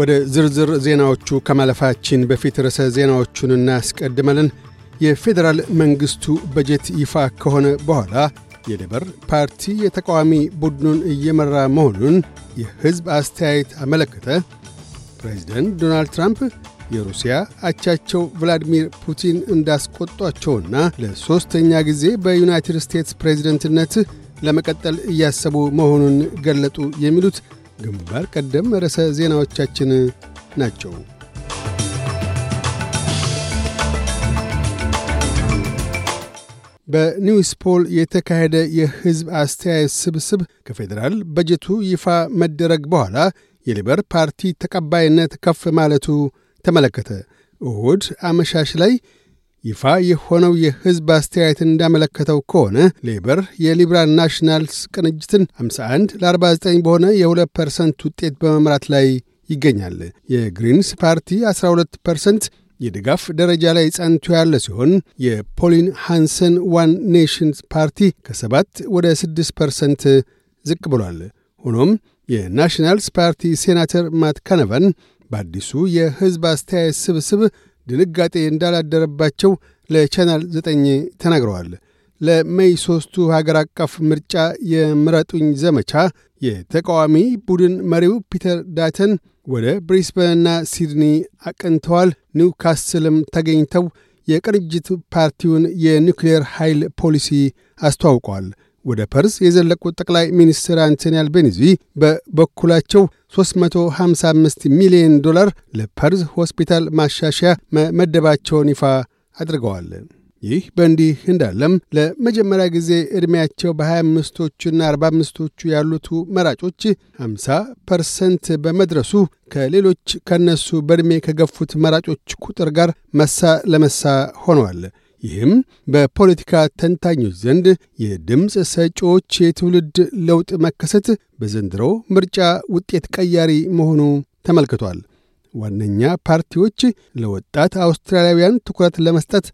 ወደ ዝርዝር ዜናዎቹ ከማለፋችን በፊት ርዕሰ ዜናዎቹን እናስቀድመልን። የፌዴራል መንግሥቱ በጀት ይፋ ከሆነ በኋላ የሌበር ፓርቲ የተቃዋሚ ቡድኑን እየመራ መሆኑን የሕዝብ አስተያየት አመለከተ። ፕሬዚደንት ዶናልድ ትራምፕ የሩሲያ አቻቸው ቭላዲሚር ፑቲን እንዳስቆጧቸውና ለሦስተኛ ጊዜ በዩናይትድ ስቴትስ ፕሬዝደንትነት ለመቀጠል እያሰቡ መሆኑን ገለጡ። የሚሉት ግንባር ቀደም ርዕሰ ዜናዎቻችን ናቸው። በኒውስ ፖል የተካሄደ የሕዝብ አስተያየት ስብስብ ከፌዴራል በጀቱ ይፋ መደረግ በኋላ የሊበር ፓርቲ ተቀባይነት ከፍ ማለቱ ተመለከተ። እሁድ አመሻሽ ላይ ይፋ የሆነው የሕዝብ አስተያየት እንዳመለከተው ከሆነ ሌበር የሊብራል ናሽናልስ ቅንጅትን 51 ለ49 በሆነ የ2 ፐርሰንት ውጤት በመምራት ላይ ይገኛል። የግሪንስ ፓርቲ 12 ፐርሰንት የድጋፍ ደረጃ ላይ ጸንቶ ያለ ሲሆን የፖሊን ሃንሰን ዋን ኔሽን ፓርቲ ከሰባት ወደ ስድስት ፐርሰንት ዝቅ ብሏል። ሆኖም የናሽናልስ ፓርቲ ሴናተር ማት ካነቫን በአዲሱ የሕዝብ አስተያየት ስብስብ ድንጋጤ እንዳላደረባቸው ለቻናል 9 ተናግረዋል። ለሜይ ሦስቱ ሀገር አቀፍ ምርጫ የምረጡኝ ዘመቻ የተቃዋሚ ቡድን መሪው ፒተር ዳተን ወደ ብሪስበንና ሲድኒ አቅንተዋል። ኒውካስልም ተገኝተው የቅንጅት ፓርቲውን የኒውክሌር ኃይል ፖሊሲ አስተዋውቀዋል። ወደ ፐርስ የዘለቁት ጠቅላይ ሚኒስትር አንቶኒ አልቤኒዚ በበኩላቸው 355 ሚሊዮን ዶላር ለፐርዝ ሆስፒታል ማሻሻያ መመደባቸውን ይፋ አድርገዋል። ይህ በእንዲህ እንዳለም ለመጀመሪያ ጊዜ ዕድሜያቸው በ25ቶቹና 45ቶቹ ያሉቱ መራጮች 50 ፐርሰንት በመድረሱ ከሌሎች ከነሱ በዕድሜ ከገፉት መራጮች ቁጥር ጋር መሳ ለመሳ ሆነዋል። ይህም በፖለቲካ ተንታኞች ዘንድ የድምፅ ሰጪዎች የትውልድ ለውጥ መከሰት በዘንድሮ ምርጫ ውጤት ቀያሪ መሆኑ ተመልክቷል። ዋነኛ ፓርቲዎች ለወጣት አውስትራሊያውያን ትኩረት ለመስጠት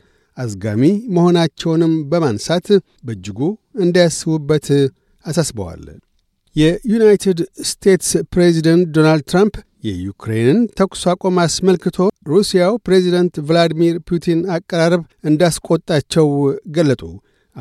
አዝጋሚ መሆናቸውንም በማንሳት በእጅጉ እንዳያስቡበት አሳስበዋል። የዩናይትድ ስቴትስ ፕሬዚደንት ዶናልድ ትራምፕ የዩክሬንን ተኩስ አቆም አስመልክቶ ሩሲያው ፕሬዚደንት ቭላዲሚር ፑቲን አቀራረብ እንዳስቆጣቸው ገለጡ።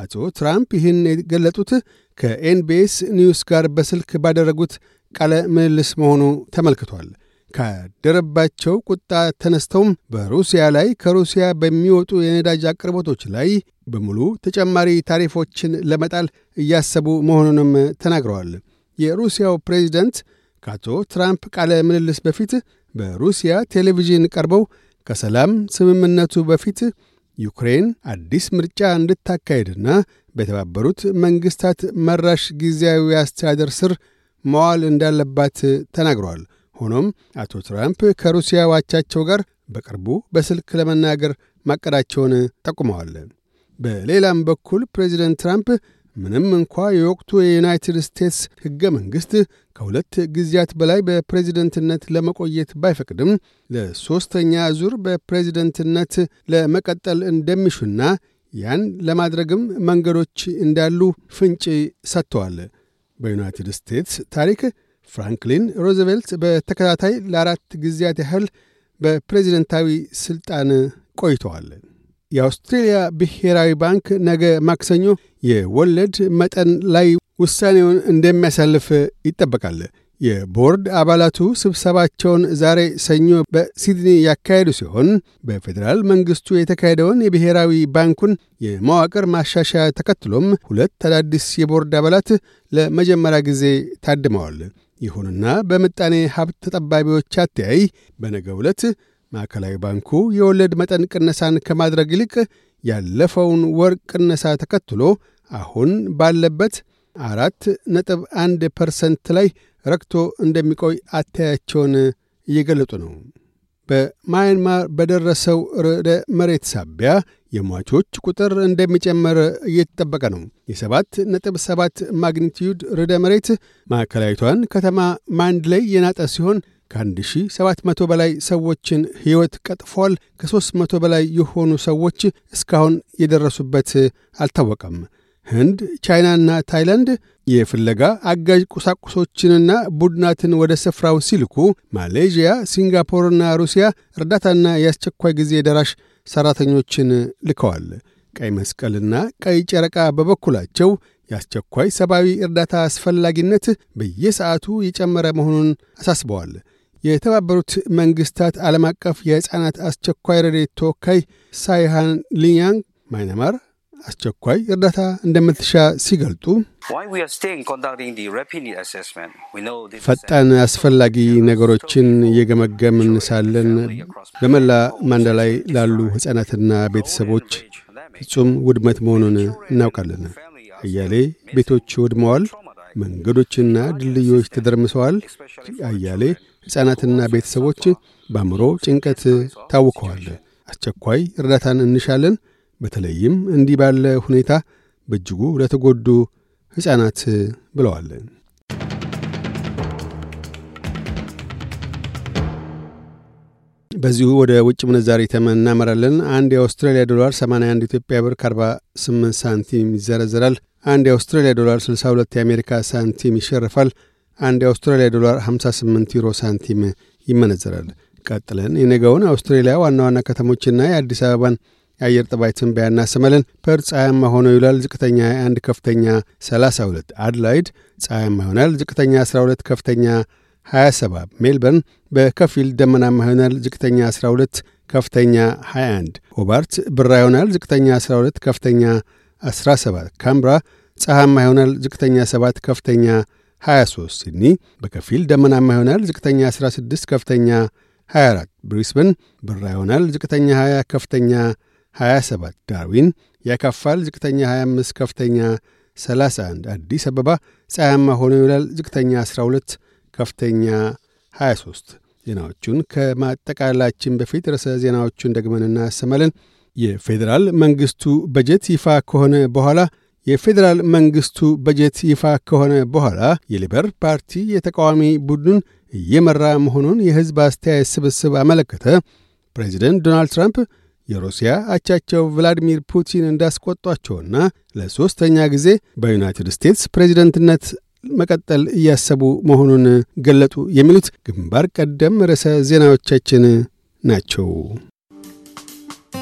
አቶ ትራምፕ ይህን የገለጡት ከኤንቢኤስ ኒውስ ጋር በስልክ ባደረጉት ቃለ ምልልስ መሆኑ ተመልክቷል። ካደረባቸው ቁጣ ተነስተውም በሩሲያ ላይ ከሩሲያ በሚወጡ የነዳጅ አቅርቦቶች ላይ በሙሉ ተጨማሪ ታሪፎችን ለመጣል እያሰቡ መሆኑንም ተናግረዋል። የሩሲያው ፕሬዚደንት ከአቶ ትራምፕ ቃለ ምልልስ በፊት በሩሲያ ቴሌቪዥን ቀርበው ከሰላም ስምምነቱ በፊት ዩክሬን አዲስ ምርጫ እንድታካሄድና በተባበሩት መንግሥታት መራሽ ጊዜያዊ አስተዳደር ስር መዋል እንዳለባት ተናግረዋል። ሆኖም አቶ ትራምፕ ከሩሲያ ዋቻቸው ጋር በቅርቡ በስልክ ለመናገር ማቀዳቸውን ጠቁመዋል። በሌላም በኩል ፕሬዚደንት ትራምፕ ምንም እንኳ የወቅቱ የዩናይትድ ስቴትስ ሕገ መንግሥት ከሁለት ጊዜያት በላይ በፕሬዚደንትነት ለመቆየት ባይፈቅድም ለሦስተኛ ዙር በፕሬዚደንትነት ለመቀጠል እንደሚሹና ያን ለማድረግም መንገዶች እንዳሉ ፍንጭ ሰጥተዋል። በዩናይትድ ስቴትስ ታሪክ ፍራንክሊን ሮዝቬልት በተከታታይ ለአራት ጊዜያት ያህል በፕሬዚደንታዊ ሥልጣን ቆይተዋል። የአውስትሬልያ ብሔራዊ ባንክ ነገ ማክሰኞ የወለድ መጠን ላይ ውሳኔውን እንደሚያሳልፍ ይጠበቃል። የቦርድ አባላቱ ስብሰባቸውን ዛሬ ሰኞ በሲድኒ ያካሄዱ ሲሆን በፌዴራል መንግስቱ የተካሄደውን የብሔራዊ ባንኩን የመዋቅር ማሻሻያ ተከትሎም ሁለት አዳዲስ የቦርድ አባላት ለመጀመሪያ ጊዜ ታድመዋል። ይሁንና በምጣኔ ሀብት ተጠባቢዎች አተያይ በነገ ዕለት ማዕከላዊ ባንኩ የወለድ መጠን ቅነሳን ከማድረግ ይልቅ ያለፈውን ወር ቅነሳ ተከትሎ አሁን ባለበት አራት ነጥብ አንድ ፐርሰንት ላይ ረክቶ እንደሚቆይ አተያያቸውን እየገለጡ ነው። በማያንማር በደረሰው ርዕደ መሬት ሳቢያ የሟቾች ቁጥር እንደሚጨምር እየተጠበቀ ነው። የሰባት ነጥብ ሰባት ማግኒቲዩድ ርዕደ መሬት ማዕከላዊቷን ከተማ ማንድ ላይ የናጠ ሲሆን ከ1700 በላይ ሰዎችን ሕይወት ቀጥፏል። ከ300 በላይ የሆኑ ሰዎች እስካሁን የደረሱበት አልታወቀም። ህንድ፣ ቻይናና ታይላንድ የፍለጋ አጋዥ ቁሳቁሶችንና ቡድናትን ወደ ስፍራው ሲልኩ፣ ማሌዥያ፣ ሲንጋፖርና ሩሲያ እርዳታና የአስቸኳይ ጊዜ ደራሽ ሠራተኞችን ልከዋል። ቀይ መስቀልና ቀይ ጨረቃ በበኩላቸው የአስቸኳይ ሰብአዊ እርዳታ አስፈላጊነት በየሰዓቱ የጨመረ መሆኑን አሳስበዋል። የተባበሩት መንግሥታት ዓለም አቀፍ የሕፃናት አስቸኳይ ረዴት ተወካይ ሳይሃን ሊያንግ ማይነማር አስቸኳይ እርዳታ እንደምትሻ ሲገልጡ ፈጣን አስፈላጊ ነገሮችን እየገመገምን ሳለን በመላ ማንዳ ላይ ላሉ ሕፃናትና ቤተሰቦች ፍጹም ውድመት መሆኑን እናውቃለን። አያሌ ቤቶች ወድመዋል፣ መንገዶችና ድልድዮች ተደርምሰዋል፣ አያሌ ሕፃናትና ቤተሰቦች በአእምሮ ጭንቀት ታውከዋል። አስቸኳይ እርዳታን እንሻለን። በተለይም እንዲህ ባለ ሁኔታ በእጅጉ ለተጎዱ ሕፃናት ብለዋል። በዚሁ ወደ ውጭ ምንዛሪ ተመን እናመራለን። አንድ የአውስትራሊያ ዶላር 81 ኢትዮጵያ ብር ከ48 ሳንቲም ይዘረዘራል። አንድ የአውስትራሊያ ዶላር 62 የአሜሪካ ሳንቲም ይሸርፋል። አንድ የአውስትራሊያ ዶላር 58 ዩሮ ሳንቲም ይመነዘራል። ቀጥለን የነገውን አውስትሬሊያ ዋና ዋና ከተሞችና የአዲስ አበባን የአየር ጠባይ ትንበያ እናሰማለን። ፐርት ፀሐያማ ሆኖ ይውላል። ዝቅተኛ 21፣ ከፍተኛ 32። አድላይድ ፀሐያማ ይሆናል። ዝቅተኛ 12፣ ከፍተኛ 27። ሜልበርን በከፊል ደመናማ ይሆናል። ዝቅተኛ 12፣ ከፍተኛ 21። ሆባርት ብራ ይሆናል። ዝቅተኛ 12፣ ከፍተኛ 17። ካምብራ ፀሐያማ ይሆናል። ዝቅተኛ 7፣ ከፍተኛ 23 ሲድኒ በከፊል ደመናማ ይሆናል። ዝቅተኛ 16 ከፍተኛ 24 ብሪስበን ብራ ይሆናል። ዝቅተኛ 20 ከፍተኛ 27 ዳርዊን ያካፋል። ዝቅተኛ 25 ከፍተኛ 31 አዲስ አበባ ፀሐያማ ሆኖ ይውላል። ዝቅተኛ 12 ከፍተኛ 23 ዜናዎቹን ከማጠቃላችን በፊት ርዕሰ ዜናዎቹን ደግመን እናሰማለን። የፌዴራል መንግስቱ በጀት ይፋ ከሆነ በኋላ የፌዴራል መንግስቱ በጀት ይፋ ከሆነ በኋላ የሊበር ፓርቲ የተቃዋሚ ቡድን እየመራ መሆኑን የሕዝብ አስተያየት ስብስብ አመለከተ። ፕሬዚደንት ዶናልድ ትራምፕ የሩሲያ አቻቸው ቭላዲሚር ፑቲን እንዳስቆጧቸውና ለሦስተኛ ጊዜ በዩናይትድ ስቴትስ ፕሬዚደንትነት መቀጠል እያሰቡ መሆኑን ገለጡ። የሚሉት ግንባር ቀደም ርዕሰ ዜናዎቻችን ናቸው።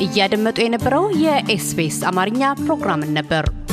እያደመጡ የነበረው የኤስቢኤስ አማርኛ ፕሮግራምን ነበር።